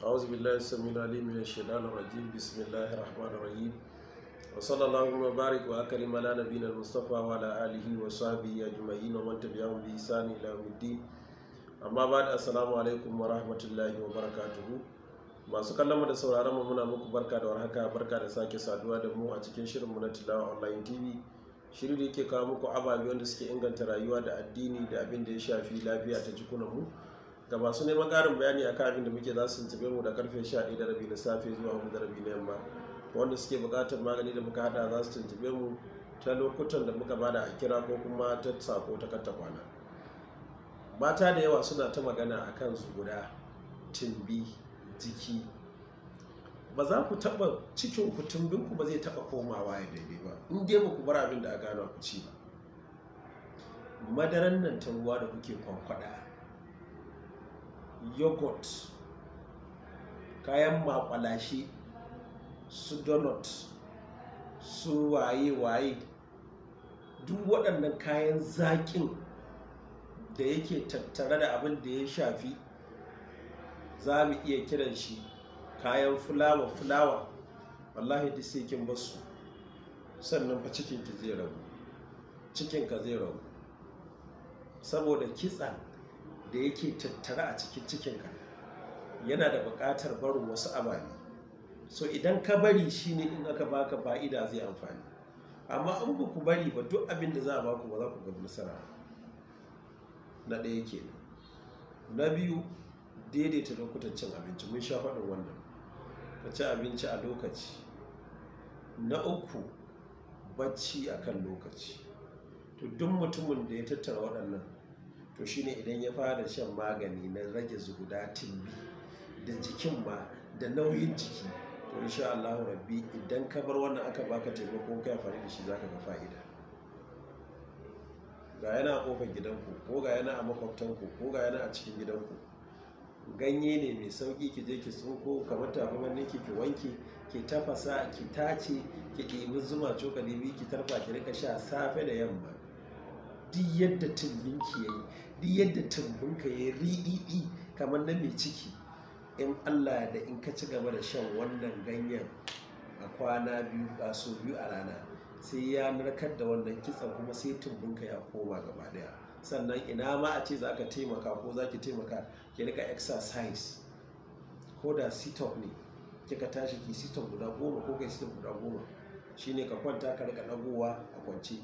أعوذ بالله السميع العليم من الشيطان الرجيم بسم الله الرحمن الرحيم وصلى الله وبارك وأكرم على نبينا المصطفى وعلى آله وصحبه أجمعين ومن تبعهم بإحسان إلى يوم الدين amma ba da assalamu alaikum wa rahmatullahi wa barakatuhu masu kallon da sauraron mu muna muku barka da warhaka barka da sake saduwa da mu a cikin shirin mu na tilawa online tv shirin da yake kawo muku ababe wanda suke inganta rayuwa da addini da abin da ya shafi lafiya ta jikunan mu ga masu neman ƙarin bayani akan abin da muke za su tuntube mu da karfe 11 da rabi na safe zuwa 4 da rabi na yamma wanda suke buƙatar magani da muka hada za su tuntube mu ta lokutan da muka bada a kira ko kuma ta sako ta katta kwana mata da yawa suna ta magana a akan guda, tumbi jiki ba za ku taɓa cikin ku ku ba zai taɓa komawa ya daidai ba in dai ba ku bar abin da a gano ku ci ba madaran nan ta ruwa da kuke kwankwada yogurt kayan makwalashi su donut su waye-waye duk waɗannan kayan zaƙin da yake tattare da abin da ya shafi za mu iya kiran shi kayan fulawa fulawa wallahi duk sai kin basu sannan fa cikin zai rabu cikin ka zai rabu saboda kitsa da yake tattara a cikin cikinka yana da buƙatar barin wasu amani so idan ka bari shi ne in aka baka fa'ida zai amfani amma in buku bari ba duk abin da za a baku ba za ku ga nasara na ɗaya ke na biyu daidaita lokutan cin abinci mun sha faɗin wannan ka ci abinci a lokaci na uku bacci akan lokaci to mutumin da ya tattara waɗannan to shine idan ya fara shan magani na rage zuguda timbi da jikin ba da nauyin jiki to insha Allah rabbi idan ka bar wannan aka baka taimako kai fari da shi zaka ga fa'ida ga yana a kofar gidanku ko ga yana a makwabtanku ko ga yana a cikin gidanku ganye ne mai sauki ki je ki tsoko kamar tafi ne ki wanke ki tafasa ki tace ki ɗibi zuma cokali biyu ki tarfa ki rika sha safe da yamma duk yadda tumbinki ya yi duk yadda tumbinka ya yi riɗiɗi kamar na mai ciki in allah da in ka ci gaba da shan wannan ganyen a kwana biyu a so biyu a rana sai ya narkar da wannan kitsan kuma sai tumbinka ya koma gaba daya sannan ina ma a ce za ka taimaka ko za ki taimaka ki rika exercise ko da sit up ne kika tashi ki sit up guda goma ko kai sit up guda goma shine ka kwanta ka rika dagowa a kwance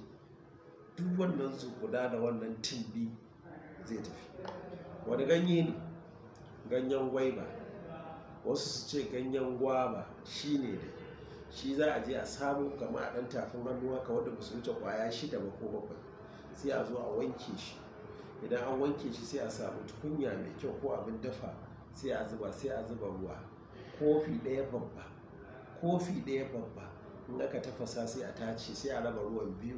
duk wannan zukuda da wannan tibi zai tafi wani ganye ne ganyen gwaiba wasu su ce ganyen gwaba shi ne da shi za a je a samu kama a ɗan tafin hannu haka wanda ba su wuce kwaya shida ba ko bakwai sai a zo a wanke shi idan an wanke shi sai a samu tukunya mai kyau ko abin dafa sai a zuba sai a zuba ruwa kofi ɗaya babba kofi ɗaya babba in aka tafasa sai a tace sai a raba ruwan biyu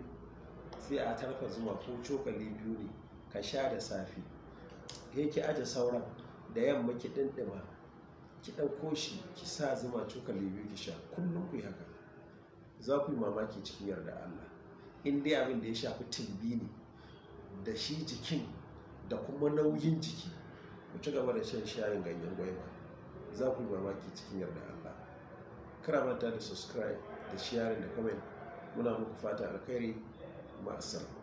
sai a tarfa zuma ko cokali biyu ne ka sha da safe ki aje sauran da yamma ki dindima ki ɗauko shi ki sa zuma cokali biyu ki sha kullum ku yi haka za ku yi mamaki cikin yarda Allah in dai abin da ya shafi tumbi ne da shi jikin da kuma nauyin jiki ku ci gaba da shan shayin ganyen gwaiwa za ku yi mamaki cikin yarda Allah kara manta da subscribe da sharing da comment muna muku fata alkhairi uma ação.